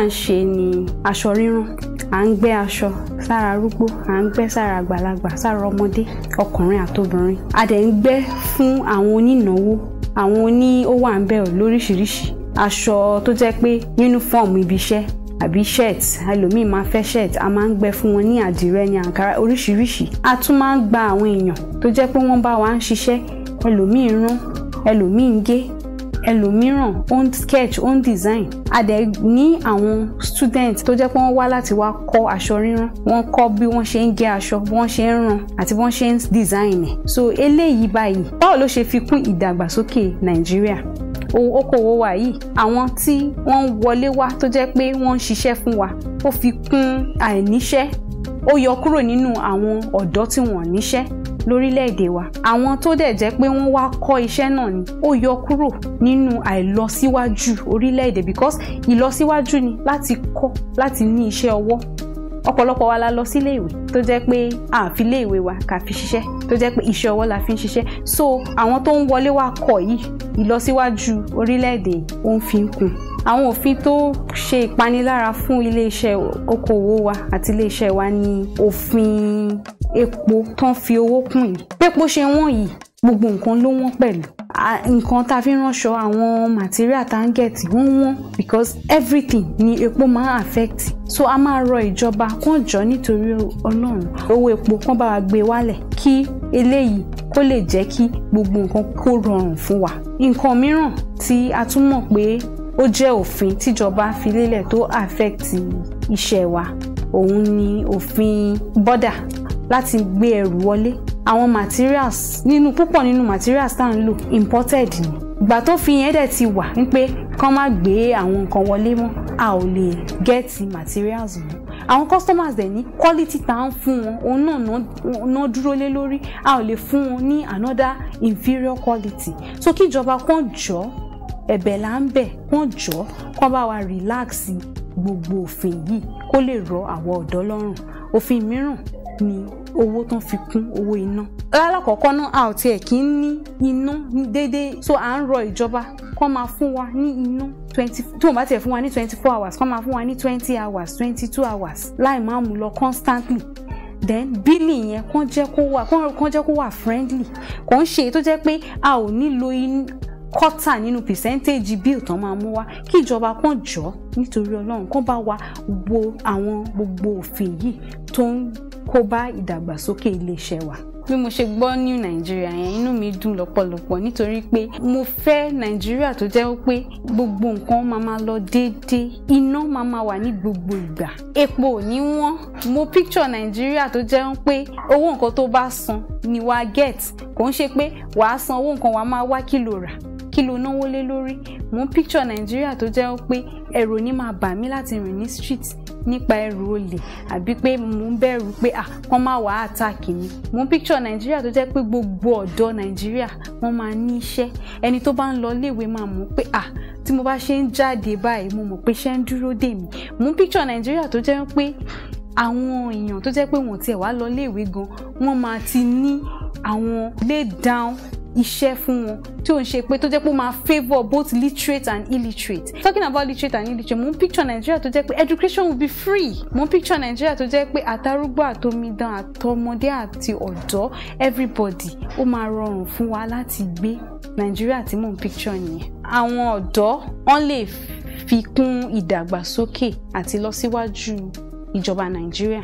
à ń ṣe ni aṣọ rírán à ń gbẹ́ aṣọ sára arúgbó à ń gbẹ́ sára àgbàlagbà sára ọmọdé ọkùnrin àtobìnrin a dẹ̀ ń gbẹ́ fún àwọn onínáwó àwọn oní ó wà ń bẹ̀ lóríṣiríṣi aṣọ tó jẹ́ pé uniform ibi iṣẹ́ àbí shirt ẹlòmíì máa fẹ́ shirt a máa ń gbẹ fún wọn ní àdìrẹ ní àǹkárá oríṣiríṣi a tún máa ń gba àwọn èèyàn tó jẹ́ pé wọ́n bá wa ń ṣiṣẹ́ ẹlòmíì rán ẹlòmíì ń gé ẹlòmíràn ó ń sketch ó ń design a dẹ̀ ní àwọn student tó jẹ́ pé wọ́n wá láti wá kọ́ aṣọ rírán wọ́n kọ́ bí wọ́n ṣe ń gé aṣọ bí wọ́n ṣe ń rán àti bí wọ́n ṣe ń design so eléyìí báyìí báwo ló ṣe fi kún ìdàgbàsókè Nàìjíríà ohun okòwò wa yìí àwọn tí wọ́n ń wọlé wá tó jẹ́ pé wọ́n ń ṣiṣẹ́ fún wa ó fi kún àìníṣẹ́ ó yọ kúrò nínú àwọn ọ̀dọ́ tí wọ́n níṣẹ́ lórílẹ̀‐èdè wa àwọn tó dẹ̀ jẹ́ pé wọ́n wá kọ́ iṣẹ́ náà ni ó yọ kúrò nínú àìlọsíwájú orílẹ̀ because ìlọsíwájú ni láti kọ́ láti ní iṣẹ́ ọwọ́ ọ̀pọ̀lọpọ̀ wa la lọ sílé ìwé tó jẹ́ pé a fi ilé ìwé wa kà fi ṣiṣẹ́ tó jẹ́ pé iṣẹ́ ọwọ́ la fi ń ṣiṣẹ́ so àwọn tó ń wọlé wa kọ̀ yìí ìlọsíwájú orílẹ̀-èdè ó ń fi ń kún àwọn òfin tó ṣe ìpanilára fún iléeṣẹ́ okòwò wa àti iléeṣẹ́ wa ni òfin epo tán fi owó kún yìí pépo ṣe wọ́n yìí gbogbo nǹkan ló wọ́n pẹ̀lú nǹkan tá a fi ránṣọ àwọn material tá ń wọ́n wọ́n because everything ni epo máa affect so a máa rọ ìjọba kán jọ nítorí ọlọ́run owó epo kán bá wa gbé wálẹ̀ kí eléyìí kó lè jẹ́ kí gbogbo nǹkan kó rọrùn fún wa. nǹkan mìíràn tí a tún mọ̀ pé ó jẹ́ òfin tíjọba fi lélẹ̀ tó affect iṣẹ́ wa òun ni òfin bọ́dà láti gbé ẹrù wọlé àwọn materials nínú púpọ̀ nínú materials tá à ń lò imported ni ìgbà tó fi yẹn dẹ̀ ti wà ń pé kán má gbé àwọn nǹkan wọlé mọ́ a ò lè gẹ́ẹ̀tì materials mọ́ àwọn customers dẹ̀ ní quality tá à ń fún wọn òun náà ná dúró lé lórí a ò lè fún wọn ní another inferior quality so kíjọba kan jọ ẹ̀bẹ̀ là ń bẹ̀ kan jọ kan bá wa relax gbogbo òfin yìí kó lè rọ àwọn ọ̀dọ́ lọ́rùn òfin mìíràn ni owó tán fi kún owó iná. alákọ̀ọ́kọ́ náà a ò tiẹ̀ kí ń ní iná déédéé so à ń rọ ìjọba kó máa fún wa ní iná twenty tí wọ́n bá tiẹ̀ fún wa ní twenty four hours kó máa fún wa ní twenty hours twenty two hours láì máa mú lọ constantly then bílì yẹn kàn jẹ́ kó wà kàn jẹ́ kó wà friendly kò ń ṣe tó jẹ́ pé a ò nílò kọ́tà nínú percentage bill tán máa mú wá kí ìjọba kan jọ nítorí ọlọ́run kó bá wa wo àwọn gbogbo òfin yìí tó ń kó bá ìdàgbàsókè iléeṣẹ́ wa bí mo ṣe gbọ́ new Nigeria yẹn inú mi dùn lọ́pọ̀lọpọ̀ nítorí pé mo fẹ́ Nigeria tó jẹ́ pé gbogbo nǹkan máa ma lọ déédéé iná máa ma wà ní gbogbo ìgbà epo ní wọ́n mo picture Nigeria tó jẹ́ pé owó nǹkan tó bá san ni wàá get kò ń ṣe pé wàá san owó nǹkan wàá máa wá kílò rà kí náwó lé lórí mò picture nàìjíríà tó jẹ́ pé ẹ̀rù ní máa bà mí láti rìn ní street nípa ẹrù olè àbí pé mò ń bẹ̀rù pé à wọ́n máa wà á àtàkì mi mò ń picture nàìjíríà tó jẹ́ pé gbogbo ọ̀dọ́ nàìjíríà wọ́n máa ní iṣẹ́ ẹni tó bá ń lọ léèwé máa mọ̀ pé à tí mo bá ṣe ń jáde báyìí mo mọ̀ pé ṣe ń dúró dè mí mò ń picture nàìjíríà tó jẹ́ pé àwọn èèyàn tó jẹ́ pé wọ́n tiẹ̀ wá lọ léèwé gan wọ́n máa ti ní àwọn lay down iṣẹ́ fún wọn tí ò ń ṣe pé tó jẹ́ pé ó máa favour both literate and illiterate talking about literate and illiterate mo ń picture Nigeria tó jẹ́ pé education will be free mo ń picture Nigeria tó jẹ́ pé àtàrúgbó àtomidan àtọmọdé àti ọ̀dọ́ everybody ó máa rọrùn fún wa láti gbé Nigeria tí mo ń picture nìyẹn àwọn ọ̀dọ́ wọ́n lè fi kún ìdàgbàsókè àti lọ síwájú ìjọba Nàìjíríà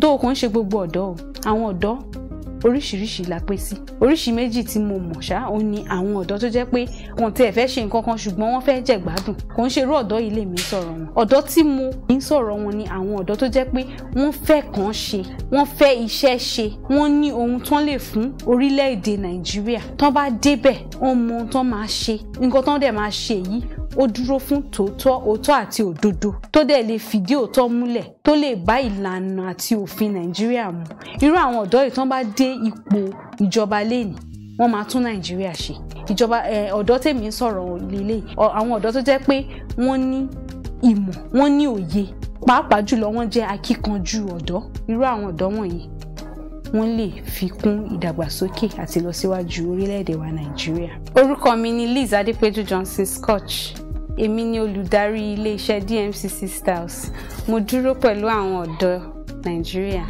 dóò kò ń ṣe gbogbo ọ̀dọ́ àwọn ọ̀dọ́ oríṣiríṣi la pé sí oríṣi méjì tí mo mọ̀ ṣá ó ní àwọn ọ̀dọ́ tó jẹ́ pé wọn tẹ̀ fẹ́ ṣe nǹkan kan ṣùgbọ́n wọ́n fẹ́ jẹ̀ gbádùn kò ń ṣerú ọ̀dọ́ ilé mi sọ̀rọ̀ wọn ọ̀dọ́ tí mo ń sọ̀rọ̀ wọn ni àwọn ọ̀dọ́ tó jẹ́ pé wọ́n fẹ́ kàn ṣe wọ́n fẹ́ iṣẹ́ ṣe wọ́n ní ohun tán lè fún orílẹ̀-èdè Nàìjíríà tán bá débẹ̀ wọ́n mọ ohun tán máa ṣe nǹkan tán dẹ̀ máa ṣe yìí ó dúró fún tòótọ́ òótọ́ àti òdodo tó dẹ̀ lè fìdí òótọ́ múlẹ̀ tó lè bá ìlànà àti òfin nàìjíríà mu irú àwọn ọ̀dọ́ yìí tán bá dé ipò ìjọba lẹ́nìí wọ́n máa tún nàìjíríà ṣe ìjọba ọ̀dọ́ tèmi ń sọ̀rọ̀ lélẹ̀ àwọn ọ̀dọ́ tó jẹ́ pé wọ́n ní ìmọ̀ wọ́n ní òye pàápàá jùlọ wọ́n jẹ́ akíkanjú ọ̀dọ́ irú àwọn ọ̀dọ́ wọ̀nyí wọ́n lè fi kún ìdàgbàsókè àti ìlọsíwájú orílẹ̀-èdè wa nàìjíríà. orúkọ mi ni Liz Adépẹ́jú Johnson Scotch èmi ni olùdarí iléeṣẹ́ DMCC Styles mo dúró pẹ̀lú àwọn ọ̀dọ́ Nàìjíríà.